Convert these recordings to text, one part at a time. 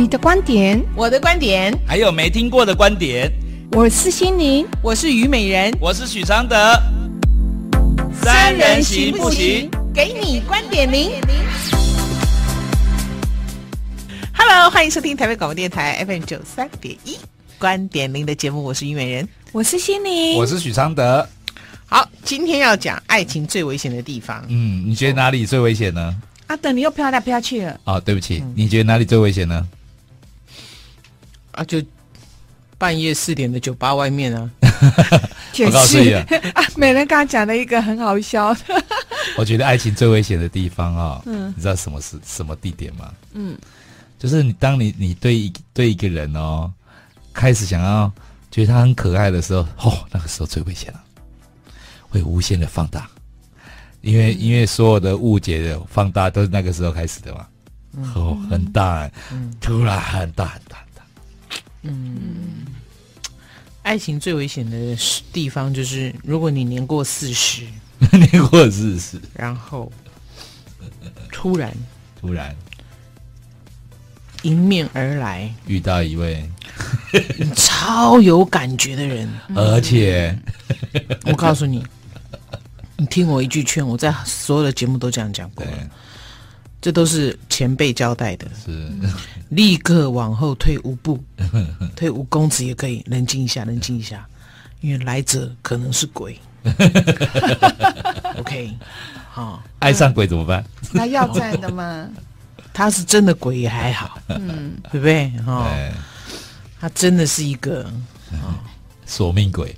你的觀點，我的觀點，還有沒聽過的觀點。我是心靈，我是虞美人，我是許常德，三人行不行？行不行給你觀點零。點 Hello，歡迎收聽台北廣播電台 FM 九三點一觀點零的節目。我是虞美人，我是心靈，我是許常德。好，今天要講愛情最危險的地方。嗯，你覺得哪裡最危險呢？阿、哦啊、德，你又飄來飄去了。啊、哦，對不起，嗯、你覺得哪裡最危險呢？啊，就半夜四點的酒吧外面啊！ 我告訴你，美 是、啊、人剛剛講了一個很好笑的， 我覺得愛情最危險的地方啊、哦，嗯、你知道什麼是什麼地點嗎？嗯，就是你當你你對對一個人哦，開始想要覺得他很可愛的時候，哦，那個時候最危險了，會無限的放大，因為、嗯、因為所有的誤解的放大都是那個時候開始的嘛。嗯、哦，很大，嗯、突然很大很大。嗯，愛情最危險的地方就是，如果你年過四十， 年過四十，然後突然突然迎面而來，遇到一位超有感覺的人， 嗯、而且我告訴你， 你聽我一句勸，我在所有的節目都這樣講過。這都是前輩交代的，是立刻往後退五步，退五 公尺也可以冷靜一下，冷靜一下，因為來者可能是鬼。 OK，好、哦，愛上鬼怎麼辦？那、嗯、要債的嗎？他是真的鬼也還好， 嗯，對不對？哈、哦，對他真的是一個、哦、 索命鬼，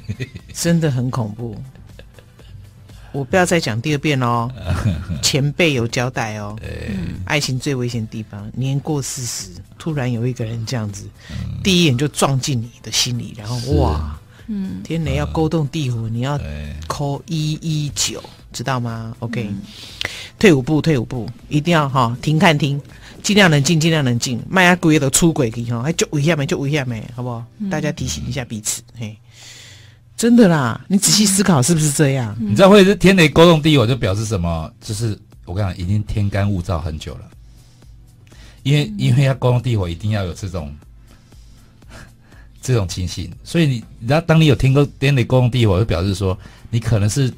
真的很恐怖。我不要再講第二遍嘍、哦，前輩有交代哦， 對愛情最危險的地方，年過四十，突然有一個人這樣子，嗯、第一眼就撞進你的心裡，然後是哇，天雷、嗯、要勾動地火，你要扣一一九，知道嗎？OK、嗯、退五步，退五步，一定要哈、哦，停看聽，盡量冷靜，盡量冷靜，邁阿古都出軌去哈，就一下沒，就一下沒，好不好？嗯、大家提醒一下彼此，嗯、嘿。真的啦，你仔細思考是不是這樣？你知道或者是天雷勾動地火，就表示什麼？就是我跟你講，已經天乾物燥很久了。因為因為要勾動地火，一定要有這種這種情形。所以你你知道，然後當你有聽過天雷勾動地火，就表示說你可能是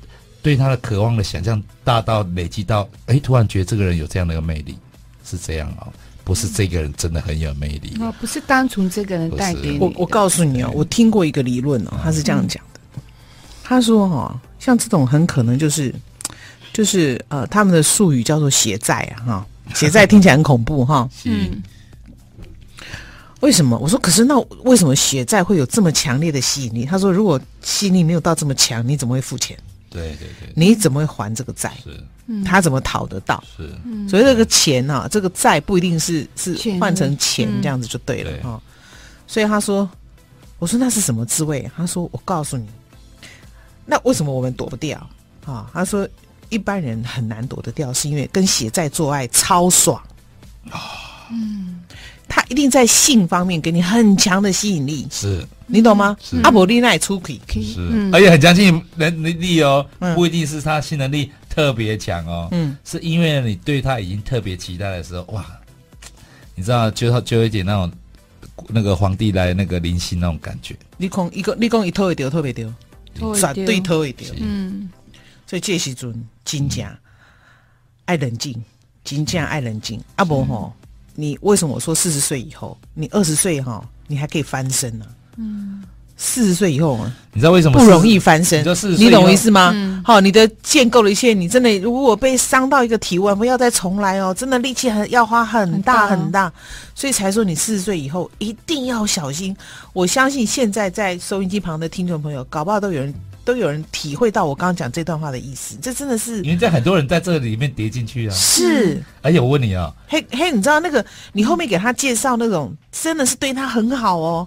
對他的渴望的想象大到累積到，哎，突然覺得這個人有這樣的一個魅力，是這樣哦，不是這個人真的很有魅力？哦、嗯，不是單純這個人帶給你。是我我告訴你哦，對我聽過一個理論哦，他是這樣講。嗯嗯他說、哦：“哈，像這種很可能就是，就是呃，他們的術語叫做‘血債’啊，哈、哦，血債聽起來很恐怖，哈、哦，嗯是，為什麼？我說，可是那為什麼血債會有這麼強烈的吸引力？他說，如果吸引力沒有到這麼強，你怎麼會付錢？對，對對對，你怎麼會還這個債？是，他怎麼討得到？是，嗯、所以這個錢啊，這個債不一定是是換成錢這樣子就對了，哈、嗯哦。所以他說，我說那是什麼滋味？他說，我告訴你。”那為什麼我們躲不掉啊、哦？他說一般人很難躲得掉，是因為跟邪在做愛超爽啊！哦、嗯，他一定在性方面給你很強的吸引力，是你懂嗎？阿波麗奈出軌是，而且很強性能力哦、喔，不一定是他性能力特別強哦，嗯，是因為你對他已經特別期待的時候，哇，你知道就就有點那種那個皇帝來那個臨幸那種感覺，你空一個，你空一套也掉，特別丟耍對頭一點，嗯，所以這時陣真正愛冷靜，真正愛冷靜。嗯、啊，不吼，你為什麼我說四十歲以後，你二十歲哈，你還可以翻身呢、啊？嗯。四十歲以後啊，你知道為什麼 40, 不容易翻身？你，你懂我意思嗎？嗯、好，你的建構的一切，你真的如果被傷到一個提問，不要再重來哦！真的力氣很要花很大很大，很大哦、所以才說你四十歲以後一定要小心。我相信現在在收音機旁的聽眾朋友，搞不好都有人、嗯、都有人體會到我剛剛講這段話的意思。這真的是因為在很多人在這裡面跌進去啊。是，而且、哎、我問你啊，嘿嘿，你知道那個你後面給他介紹那種，嗯、真的是對他很好哦。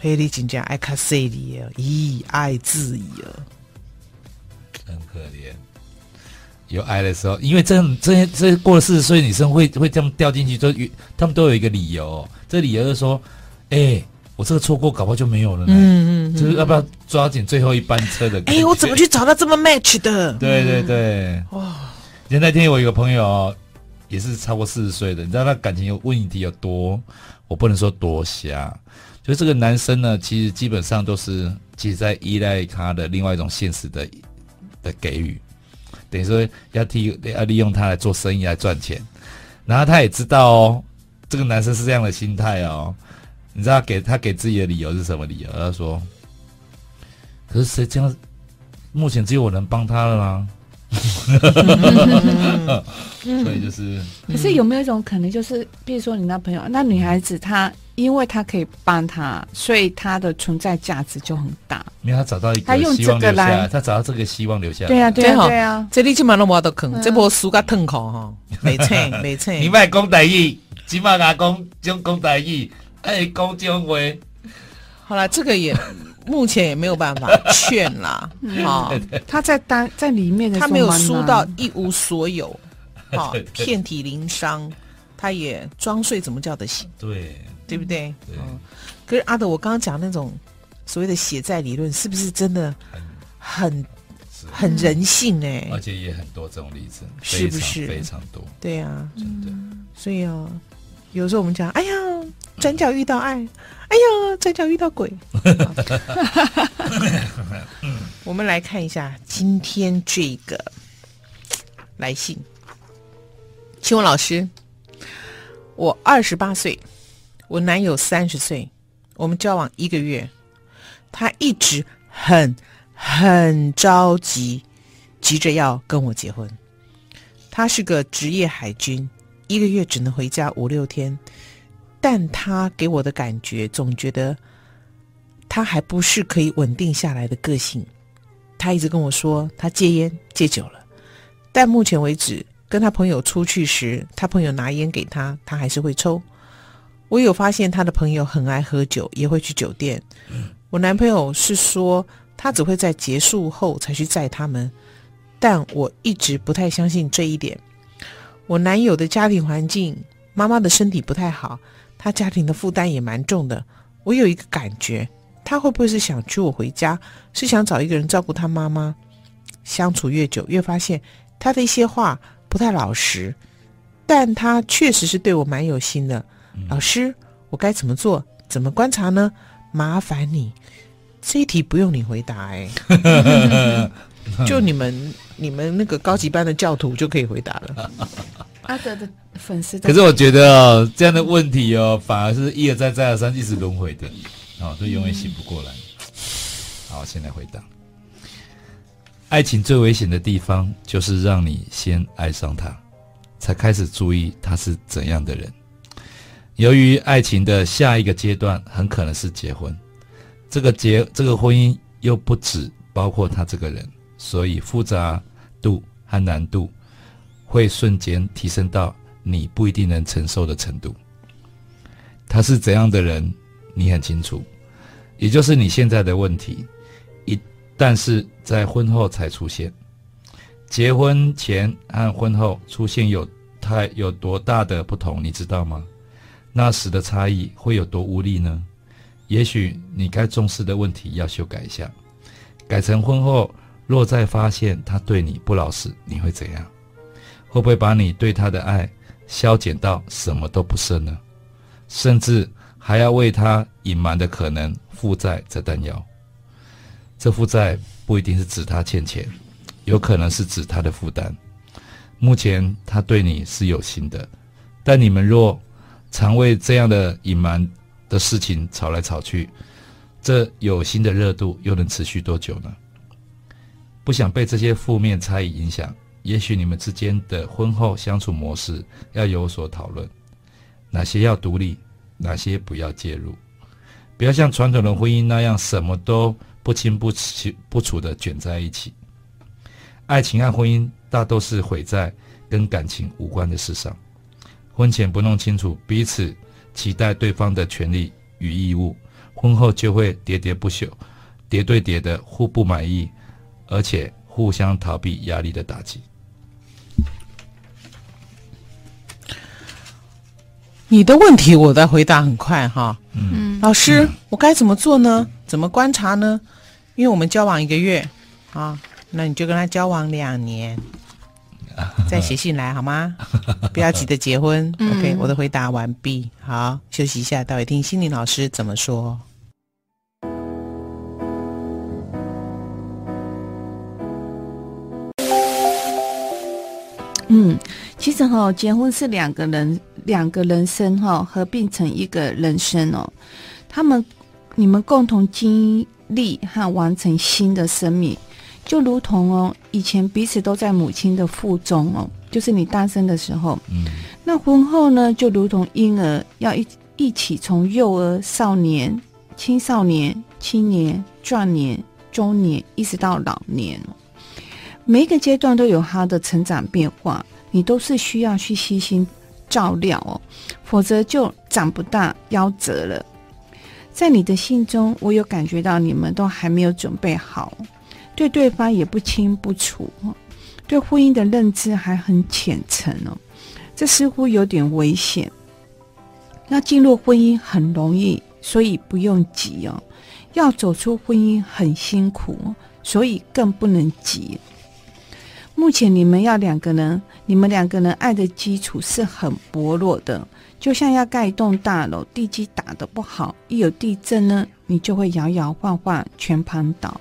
黑麗警長愛卡西里，咦，愛自己了，很可憐。有愛的時候，因為這樣、這些、這些過了四十歲女生會會這麼掉進去，都他們都有一個理由。這個、理由就是說，哎、欸，我這個錯過，搞不好就沒有了呢。呢嗯嗯，嗯嗯，就是要不要抓緊最後一班車的？哎、欸，我怎麼去找到這麼 match 的？對對對。嗯、哇！前兩天我有一個朋友，也是超過四十歲的，你知道他感情有問題有多？我不能說多瞎。所以這個男生呢，其實基本上都是，其實在依賴他的另外一種現實的的給予，等於說要替要利用他來做生意來賺錢，然後他也知道哦，這個男生是這樣的心態哦，你知道他給他給自己的理由是什麼理由？他說，可是誰這樣？目前只有我能幫他了啦。 所以就是、嗯嗯，可是有沒有一種可能，就是比如說你那朋友那女孩子她，她因為她可以幫她，所以她的存在價值就很大。因為她找到一個希望留下她，她找到這個希望留下來。對啊對呀、啊，對呀、啊。這裡起碼有我的坑這波輸噶通口哈。沒錯、啊啊啊，沒錯。你咪講台語，起碼阿公講講台語，阿是講好了，這個也。 目前也沒有辦法勸啦，啊、 哦，他在單在裡面的時候，他沒有輸到一無所有，啊、哦，遍 對體鱗傷，他也裝睡怎麼叫得醒？對，對不對？對、哦。可是阿德，我剛剛講那種所謂的血債理論，是不是真的很？很很很人性哎、欸。而且也很多這種例子，非常非常是不是？非常多。對啊，嗯、真的。所以啊、哦。有時候我們講，哎呀，轉角遇到愛，哎呀，轉角遇到鬼。 我們來看一下今天這個來信，請問老師，我二十八歲，我男友三十歲，我們交往一個月，他一直很很着急，急着要跟我結婚。他是個職業海軍。一個月只能回家五六天，但他給我的感覺總覺得他還不是可以穩定下來的個性。他一直跟我說他戒菸戒酒了，但目前為止跟他朋友出去時，他朋友拿菸給他，他還是會抽。我有發現他的朋友很愛喝酒，也會去酒店。嗯。我男朋友是說他只會在結束後才去載他們，但我一直不太相信這一點。我男友的家庭環境，媽媽的身體不太好，他家庭的負擔也蠻重的。我有一個感覺，他會不會是想娶我回家？是想找一個人照顧他媽媽？相處越久，越發現他的一些話不太老實，但他確實是對我蠻有心的。嗯、老師，我該怎麼做？怎麼觀察呢？麻煩你，這一題不用你回答哎。 就你們、你們那個高級班的教徒就可以回答了。阿德的粉絲，可是我覺得哦，這樣的問題哦，反而是一而再、再而三，一直輪迴的，哦，都永遠醒不過來。嗯、好，先來回答。愛情最危險的地方，就是讓你先愛上他，才開始注意他是怎樣的人。由於愛情的下一個階段很可能是結婚，這個結、這個婚姻又不止包括他這個人。所以複雜度和難度會瞬間提升到你不一定能承受的程度。他是怎樣的人，你很清楚，也就是你現在的問題，一但是在婚後才出現。結婚前和婚後出現有太有多大的不同，你知道嗎？那時的差異會有多無力呢？也許你該重視的問題要修改一下，改成婚後。若再發現他對你不老實，你會怎樣？會不會把你對他的愛消減到什麼都不剩呢？甚至還要為他隱瞞的可能負債在擔憂。這負債不一定是指他欠錢，有可能是指他的負擔。目前他對你是有心的，但你們若常為這樣的隱瞞的事情吵來吵去，這有心的熱度又能持續多久呢？不想被這些負面差異影響，也許你們之間的婚後相處模式要有所討論，哪些要獨立，哪些不要介入，不要像傳統的婚姻那樣什麼都不清不清不楚的捲在一起。愛情和婚姻大都是毀在跟感情無關的事上，婚前不弄清楚彼此期待對方的權利與義務，婚後就會喋喋不休，疊對疊的互不滿意。而且互相逃避壓力的打擊。你的問題，我的回答很快哈。嗯，老師，嗯、我該怎麼做呢？怎麼觀察呢？因為我們交往一個月啊，那你就跟他交往兩年， 再寫信來好嗎？不要急着結婚。 OK，我的回答完畢。好，休息一下，待會聽心靈老師怎麼說。嗯，其實哈、哦，結婚是兩個人兩個人生哈、哦，合併成一個人生哦。他們你們共同經歷和完成新的生命，就如同哦，以前彼此都在母親的腹中哦，就是你單身的時候。嗯，那婚後呢，就如同嬰兒要一一起從幼兒、少年、青少年、青年、壯年、中年一直到老年。每一個階段都有它的成長變化，你都是需要去悉心照料哦，否則就長不大，夭折了。在你的信中，我有感覺到你們都還沒有準備好，對對方也不清不楚，對婚姻的認知還很淺層哦，這似乎有點危險。那進入婚姻很容易，所以不用急哦；要走出婚姻很辛苦，所以更不能急。目前你們要兩個人，你們兩個人愛的基礎是很薄弱的，就像要蓋一棟大樓，地基打得不好，一有地震呢，你就會搖搖晃晃，全盤倒。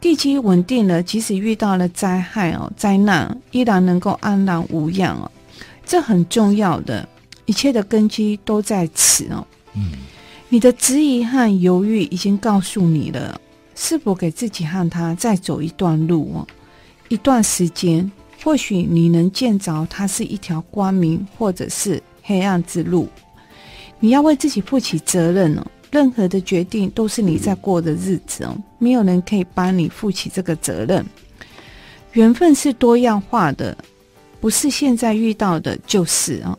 地基穩定了，即使遇到了災害哦，災難依然能夠安然無恙哦，這很重要的，一切的根基都在此哦。嗯，你的質疑和猶豫已經告訴你了，是否給自己和他再走一段路哦。一段時間，或許你能見着它是一條光明，或者是黑暗之路。你要為自己負起責任哦。任何的決定都是你在過的日子哦，沒有人可以幫你負起這個責任。緣分是多樣化的，不是現在遇到的，就是哦；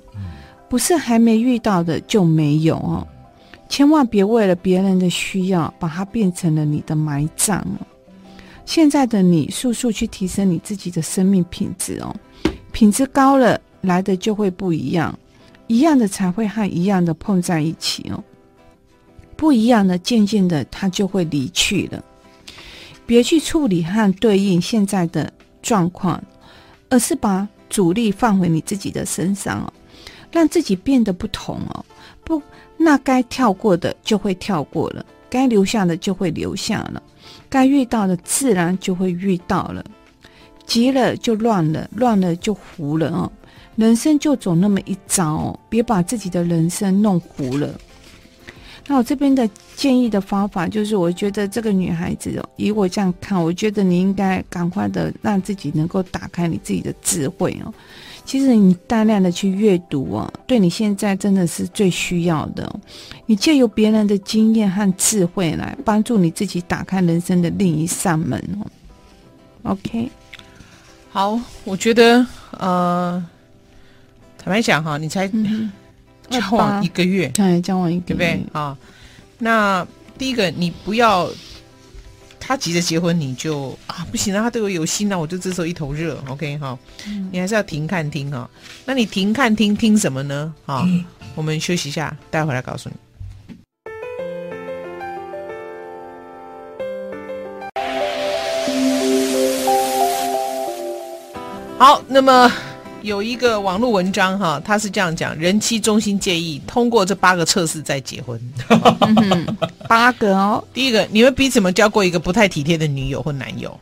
不是還沒遇到的，就沒有哦。千萬別為了別人的需要，把它變成了你的埋葬。現在的你，速速去提升你自己的生命品質哦，品質高了，來的就會不一樣，一樣的才會和一樣的碰在一起哦，不一樣的漸漸的他就會離去了，別去處理和對應現在的狀況，而是把主力放回你自己的身上哦，讓自己變得不同哦，不，那該跳過的就會跳過了。該留下的就會留下了，該遇到的自然就會遇到了，急了就亂了，亂了就糊了哦。人生就走那麼一遭哦，別把自己的人生弄糊了。那我這邊的建議的方法就是，我覺得這個女孩子哦，以我這樣看，我覺得你應該趕快的讓自己能夠打開你自己的智慧哦。其實你大量的去閱讀啊，對你現在真的是最需要的。你借由別人的經驗和智慧來幫助你自己打開人生的另一扇門。OK，好，我覺得呃，坦白講哈，你才、嗯、交往一個月，對，交往一個月，對不對啊？那第一個，你不要。他急着結婚，你就啊不行啊，他對我有心呢、啊，我就這時候一頭熱，OK 哈，你還是要停看聽哈，那你停看聽聽什麼呢？哈，嗯、我們休息一下，待會來告訴你。好，那麼。有一個網絡文章哈，他是這樣講：人妻中心建議，通過這八個測試再結婚。 八個哦，第一個，你們彼此麼交過一個不太體貼的女友或男友，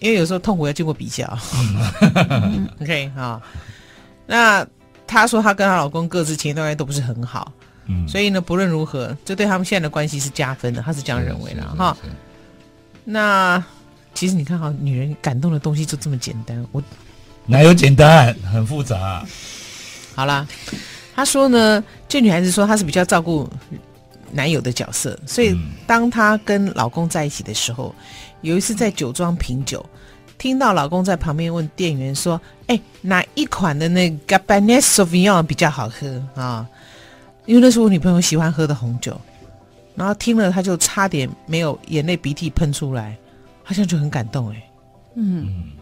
因為有時候痛苦要經過比較。 OK 哈，那她說她跟她老公各自情態都都不是很好， 所以呢，不論如何，這對他們現在的關係是加分的，她是這樣認為的哈。那其實你看哈，女人感動的東西就這麼簡單，我。哪有簡單，很複雜，啊。 好啦，他說呢，這女孩子說她是比較照顧男友的角色，所以當她跟老公在一起的時候，有一次在酒莊品酒，聽到老公在旁邊問店員說：“哎、欸，哪一款的那 Cabernet Sauvignon 比較好喝啊？”因為那是我女朋友喜歡喝的紅酒，然後聽了，她就差點沒有眼淚鼻涕噴出來，好像就很感動哎、欸，嗯。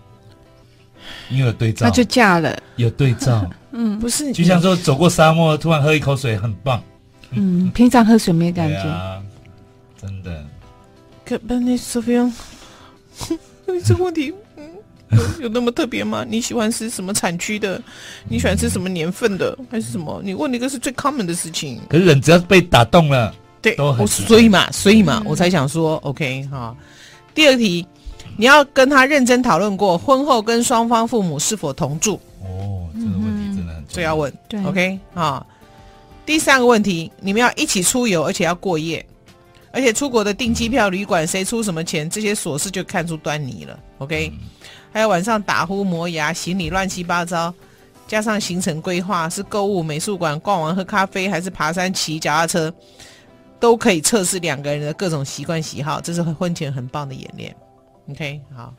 你有對照，那就嫁了。有對照， 嗯，不是，就像說走過沙漠， 突然喝一口水，很棒。 嗯，平常喝水沒感覺 啊，真的。可不，那怎麼樣？你這問題，嗯，有有那麼特別嗎？ 你喜歡吃什麼產區的？你喜歡吃什麼年份的？還是什麼？你問那個是最 common 的事情。可是人只要被打動了，對，都很值得。所以嘛，所以嘛， 我才想說，OK 哈，第二題。你要跟他認真討論過婚後跟雙方父母是否同住哦，這個問題真的很重要，所以要,要問對，OK 啊。第三個問題，你們要一起出遊，而且要過夜，而且出國的訂機票、嗯、旅館誰出什麼錢，這些瑣事就看出端倪了。OK，、嗯、還有晚上打呼、磨牙、行李亂七八糟，加上行程規劃是購物、美術館逛完喝咖啡，還是爬山騎腳踏車，都可以測試兩個人的各種習慣喜好，這是婚前很棒的演練。OK，好。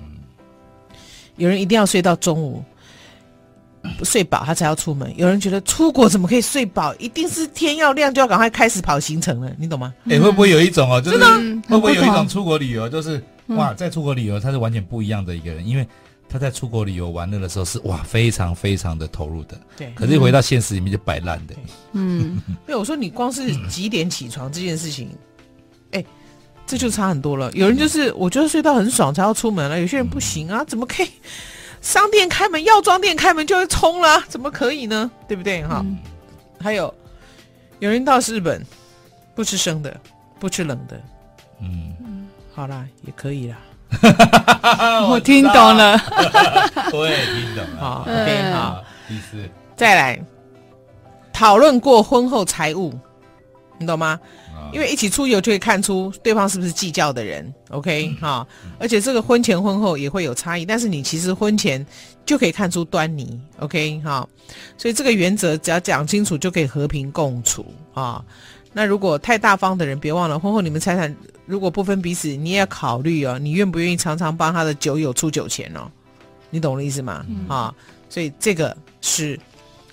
嗯、有人一定要睡到中午，睡飽他才要出門。有人覺得出國怎麼可以睡飽？一定是天要亮就要趕快開始跑行程了，你懂嗎？哎、嗯欸，會不會有一種哦，就是真的會不會有一種出國旅遊，就是哇，在出國旅遊他是完全不一樣的一個人，嗯、因為他在出國旅遊玩樂的時候是哇非常非常的投入的，對。可是回到現實裡面就擺爛的，對嗯。沒，我說你光是幾點起床這件事情，哎、嗯。欸這就差很多了。有人就是我覺得睡到很爽才要出門了，有些人不行啊，怎麼可以？商店開門，藥妝店開門就會衝了，啊，怎麼可以呢？對不對？哈，嗯、還有，有人到日本不吃生的，不吃冷的，嗯，好啦，也可以啦。 我，知道，我聽懂了，對， 聽懂了。好對 OK，好，啊，第四，再來討論過婚後財務，你懂嗎？因為一起出遊就可以看出對方是不是計較的人，OK 哈、啊，而且這個婚前婚後也會有差異，但是你其實婚前就可以看出端倪，OK 哈、啊，所以這個原則只要講清楚就可以和平共處啊。那如果太大方的人，別忘了婚後你們財產如果不分彼此，你也要考慮哦，你願不願意常常幫他的酒友出酒錢哦？你懂我的意思嗎？啊，所以這個是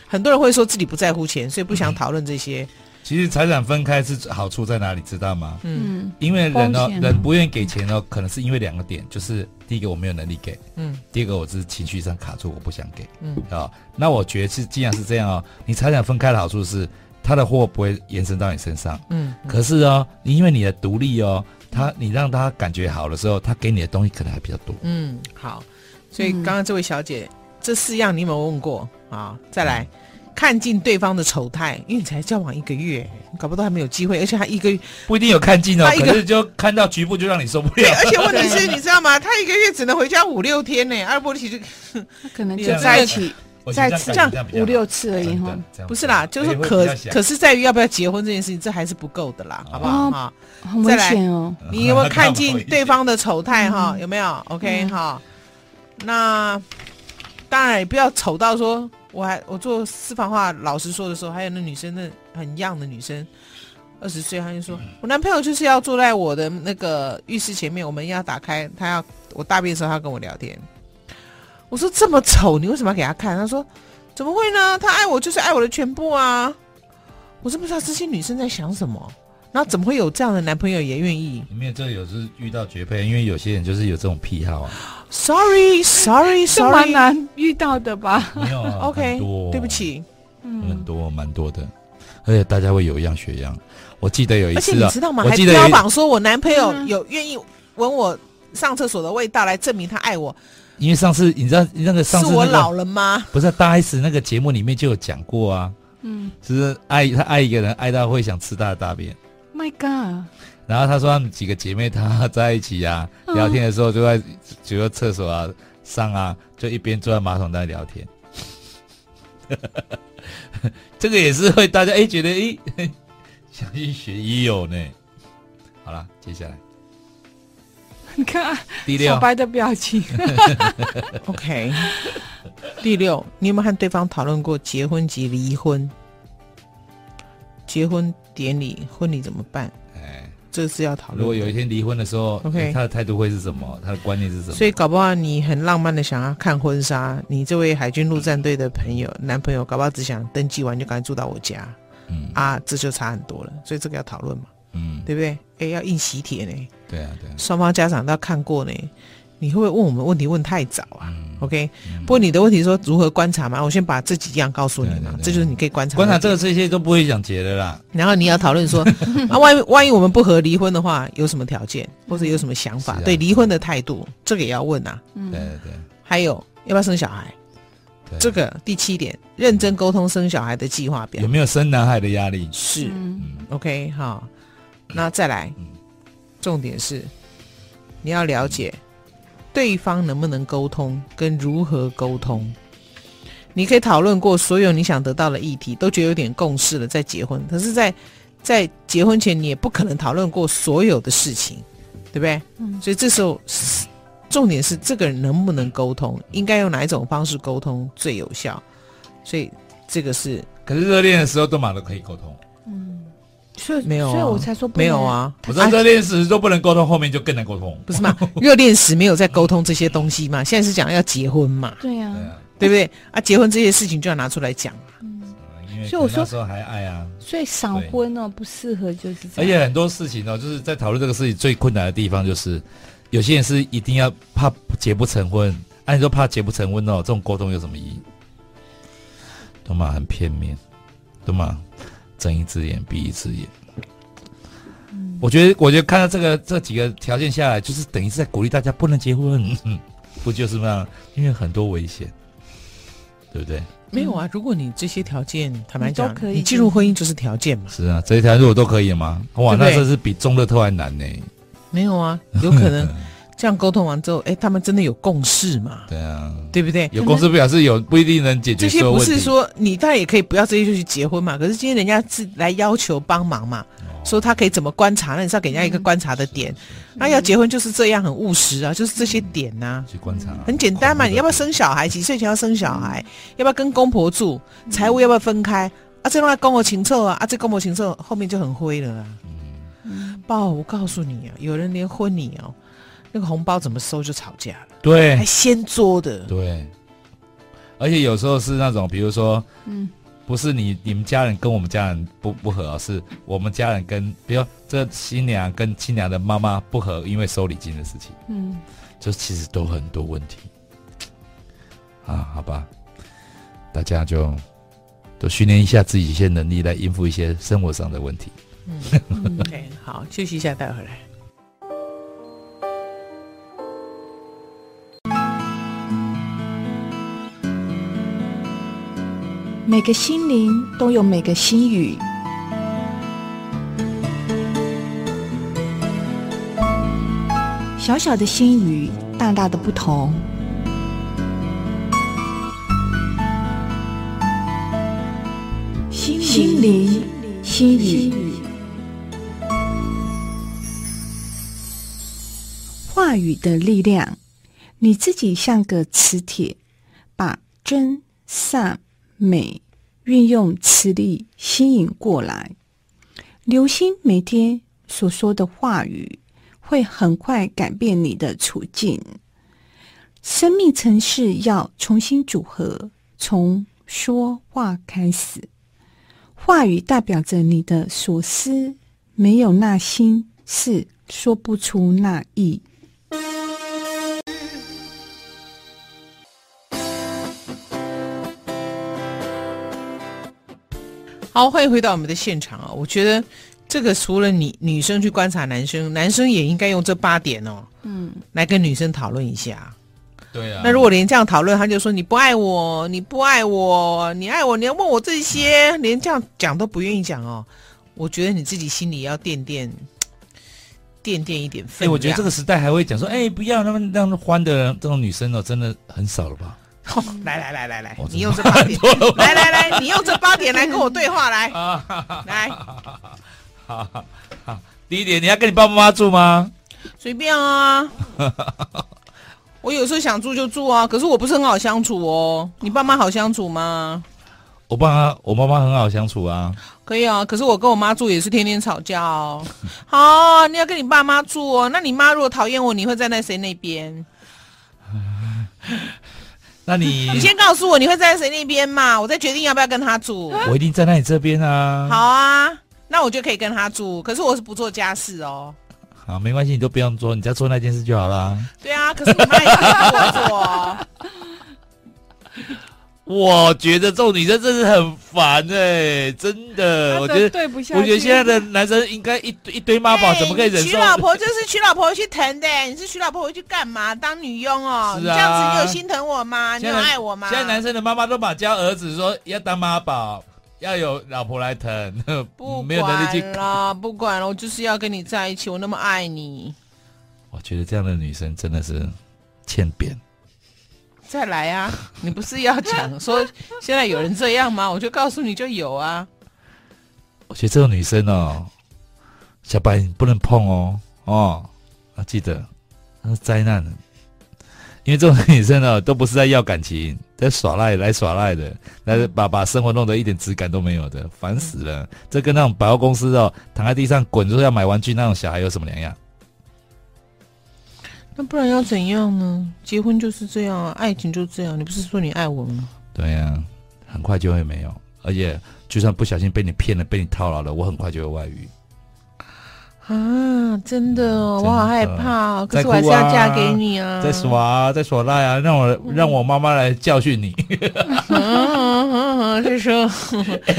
很多人會說自己不在乎錢，所以不想討論這些。其實財產分開是好處在哪裡，知道嗎？嗯，因為人哦，啊、人不願意給錢哦，嗯、可能是因為兩個點，就是第一個我沒有能力給，嗯，第二個我就是情緒上卡住，我不想給，啊、嗯哦，那我覺得是，既然是這樣哦，你財產分開的好處是，他的貨不會延伸到你身上，嗯，可是哦，因為你的獨立哦，他你讓他感覺好的時候，他給你的東西可能還比較多，嗯，好，所以剛剛這位小姐、嗯、這四樣你有沒有問過啊？再來。嗯看盡對方的醜態，因為你才交往一個月，搞不到還沒有機會，而且他一個月不一定有看盡哦，可能就看到局部就讓你受不了。對，而且問題是，你知道嗎？他一個月只能回家五六天呢，二波其實可能就在一起，再這樣五六次而已哈。不是啦，就是可可是在於要不要結婚這件事情，這還是不夠的啦，好不好啊？很危險哦。再來，你有沒有看盡對方的醜態哈？有沒有？OK 哈？那當然也不要醜到說。我還我做私房話，老師說的時候，還有那女生，那很樣的女生，二十歲，她就說，我男朋友就是要坐在我的那個浴室前面，我們要打開，他要我大便的時候，他要跟我聊天。我說，這麼醜，你為什麼要給他看？他說，怎麼會呢？他愛我就是愛我的全部啊！我真不知道這些女生在想什麼。那怎麼會有這樣的男朋友也願意？裡面這有是遇到絕配，因為有些人就是有這種癖好啊。Sorry，Sorry，Sorry，sorry, sorry, 是蠻難遇到的吧？沒有，OK，對不起，嗯，很多蠻多的，而、哎、且大家會有樣學樣。我記得有一次，而且你知道嗎？我記得還標榜說，我男朋友有願意聞我上廁所的味道來證明他愛我。嗯、因為上次你知道那個上次、那個、是我老了嗎？不是，大 S 那個節目裡面就有講過啊。嗯，就是愛他愛一個人愛到會想吃他的大便。Oh、my God！然後他說，幾個姐妹她在一起啊、嗯、聊天的時候就在就在廁所啊上啊，就一邊坐在馬桶在聊天。 這個也是會大家哎覺得哎想去學醫哦呢。好了，接下來你看、啊、六小白的表情。 OK， 第六，你有沒有和對方討論過結婚及離婚，結婚。典禮婚禮怎麼辦？哎、欸，這是要討論。如果有一天離婚的時候，OK，、欸、他的態度會是什麼？他的觀念是什麼？所以搞不好你很浪漫的想要看婚紗，你這位海軍陸戰隊的朋友、嗯、男朋友搞不好只想登記完就趕緊住到我家，嗯、啊，這就差很多了。所以這個要討論嘛，嗯，對不對？哎、欸，要印喜帖呢，對啊，對啊，對，雙方家長都要看過呢。你會不會問我們問題問太早啊？嗯 OK，不過你的問題說如何觀察嘛？我先把這幾樣告訴你嘛，對對對，這就是你可以觀察。觀察這個這些都不會講結的啦。然後你要討論說，那、 啊、萬一萬一我們不合，離婚的話，有什麼條件，或者有什麼想法？啊、對離婚的態度，這個也要問啊。對對對。還有要不要生小孩？對這個第七點，認真溝通生小孩的計劃表。有沒有生男孩的壓力？是。嗯、OK，好，那再來，重點是你要了解。對方能不能溝通，跟如何溝通？你可以討論過所有你想得到的議題，都覺得有點共識了再結婚。可是在，在在結婚前，你也不可能討論過所有的事情，對不對？嗯。所以這時候，重點是這個人能不能溝通，應該用哪一種方式溝通最有效？所以這個是。可是熱戀的時候都嘛都可以溝通。嗯。所以沒有、啊，所以我才說沒有啊。談我在熱戀時都不能溝通，啊、後面就更難溝通，不是嗎？ 熱戀時沒有在溝通這些東西嘛？現在是講要結婚嘛？對呀、啊，對不對？啊，結婚這些事情就要拿出來講。嗯，啊因為啊、所以我說還愛啊。對所以閃婚哦，不適合就是這樣。而且很多事情哦，就是在討論這個事情最困難的地方，就是有些人是一定要怕結不成婚，按、啊、說怕結不成婚哦，這種溝通有什麼意義？懂嗎？很片面，懂嗎？睜一隻眼閉一隻眼，我覺得，我覺得看到這個這幾個條件下來，就是等於是在鼓勵大家不能結婚，嗯、哼不就是嗎？因為很多危險，對不對？沒有啊，如果你這些條件坦白講都可以，你進入婚姻就是條件嘛。是啊，這些條件如果都可以嗎？哇，對對那這是比中樂透還難呢、欸。沒有啊，有可能。 這樣溝通完之後，哎，他們真的有共識嘛？對啊，對不對？有共識不表示有，不一定能解決。這些不是說你當然也可以不要這些，就去結婚嘛。可是今天人家是來要求幫忙嘛，說他可以怎麼觀察，那你是要給人家一個觀察的點。那要結婚就是這樣，很務實啊，就是這些點吶。去觀察，很簡單嘛。你要不要生小孩？幾歲前要生小孩？要不要跟公婆住？財務要不要分開？啊，這他媽公婆情湊啊，啊，這公婆情湊後面就很灰了。嗯嗯，爸，我告訴你啊，有人連婚禮哦。那個紅包怎麼收就吵架了，對，還掀桌的，對。而且有時候是那種，比如說，嗯，不是你，你們家人跟我們家人不不和，哦，而是我們家人跟，比如這新娘跟新娘的媽媽不和，因為收禮金的事情，嗯，就其實都很多問題，啊，好吧，大家就都訓練一下自己一些能力來應付一些生活上的問題。嗯 ，OK，好，休息一下，待會兒來。每個心靈都有每個心語，小小的心語，大大的不同心靈。心靈，心靈，心語，話語的力量。你自己像個磁鐵，把真善散美運用磁力吸引過來。流星每天所說的話語，會很快改變你的處境。生命層次要重新組合，從說話開始。話語代表着你的所思，沒有那心，是說不出那意。好，歡迎回到我們的現場哦，我覺得這個除了你女生去觀察男生，男生也應該用這八點哦，嗯，來跟女生討論一下。對啊。那如果連這樣討論，他就說你不愛我，你不愛我，你愛我，你要問我這些，嗯、連這樣講都不願意講哦。我覺得你自己心裡要掂掂，掂掂一點分量。哎、欸，我覺得這個時代還會講說，哎、欸，不要那麼那麼歡的這種女生哦，真的很少了吧？來、哦、來來來來，哇你用這八點，來來來，你用這八點來跟我對話 來， 來，第一點，你要跟你爸爸媽媽住嗎？隨便啊， 我有時候想住就住啊，可是我不是很好相處哦。你爸媽好相處嗎？我爸媽，我媽媽很好相處啊，可以啊。可是我跟我媽住也是天天吵架哦。 好、啊，你要跟你爸媽住哦，那你媽如果討厭我，你會站在那誰那邊？ 那你那你先告訴我你會在誰那邊嘛，我再決定要不要跟他住。我一定站在你這邊啊。好啊，那我就可以跟他住。可是我是不做家事哦。好，沒關係，你都不用做，你只要做那件事就好了。對啊，可是你媽一定要我做哦。 我覺得這種女生真是很煩哎、欸，真的，我覺得對不下去。我覺得現在的男生應該一,一堆一堆媽寶，怎麼可以忍受？娶、欸、老婆就是娶老婆回去疼的、欸， 你是娶老婆回去幹嘛？當女傭哦、喔？啊、這樣子你有心疼我嗎？你有愛我嗎？現在男生的媽媽都把教兒子說要當媽寶，要有老婆來疼。不管了，不管了，我就是要跟你在一起，我那麼愛你。我覺得這樣的女生真的是欠扁。再來啊！你不是要講說現在有人這樣嗎？我就告訴你就有啊！我覺得這種女生哦，小白不能碰哦哦，啊記得那是災難的，因為這種女生呢，哦，都不是在要感情，在耍賴來耍賴的，來把把生活弄得一點質感都沒有的，煩死了！嗯，這跟那種百貨公司哦，躺在地上滾著要買玩具那種小孩有什麼兩樣？不然要怎樣呢？結婚就是這樣啊，愛情就這樣。你不是說你愛我嗎？對呀、啊，很快就會沒有。而且，就算不小心被你騙了、被你套牢了，我很快就有外遇啊！真的哦，的我好害怕、哦、可是我還是要嫁給你啊！再耍、啊，再耍賴啊，啊！讓我讓我媽媽來教訓你。啊啊啊！大叔，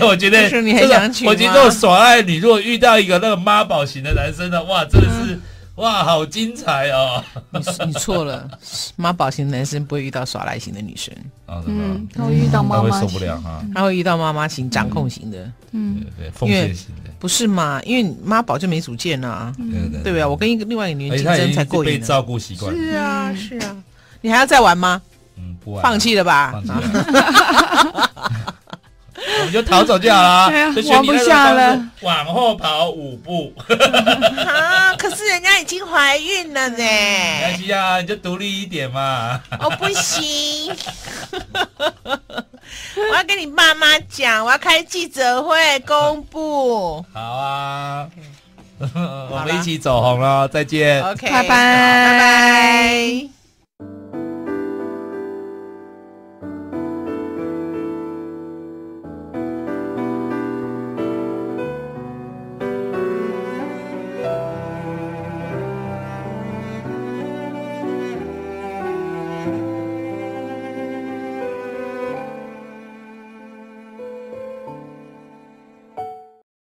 我覺得，你想娶就是、我覺得如果耍賴，你如果遇到一個那個媽寶型的男生的話，真的是。啊哇，好精彩哦！你你錯了，媽寶型男生不會遇到耍賴型的女生。嗯，他會遇到媽媽，他會受不了啊。他會遇到媽媽型掌控型的，嗯，奉獻型的，不是嗎？因為媽寶就沒主見啊，對不對？我跟一個另外一個女人競爭才過癮。被照顧習慣了。是啊，是啊，你還要再玩嗎？嗯，不玩，放棄了吧。你就逃走就好了，玩、哎、呀不下了，往後跑五步。啊、嗯！可是人家已經懷孕了呢、嗯啊。沒關係啊，你就獨立一點嘛。我、哦、不行。 我要跟你爸媽講，我要開記者會公布。嗯、好啊，Okay. 我們一起走紅嘍！再見，OK，拜拜 bye，拜拜。Bye bye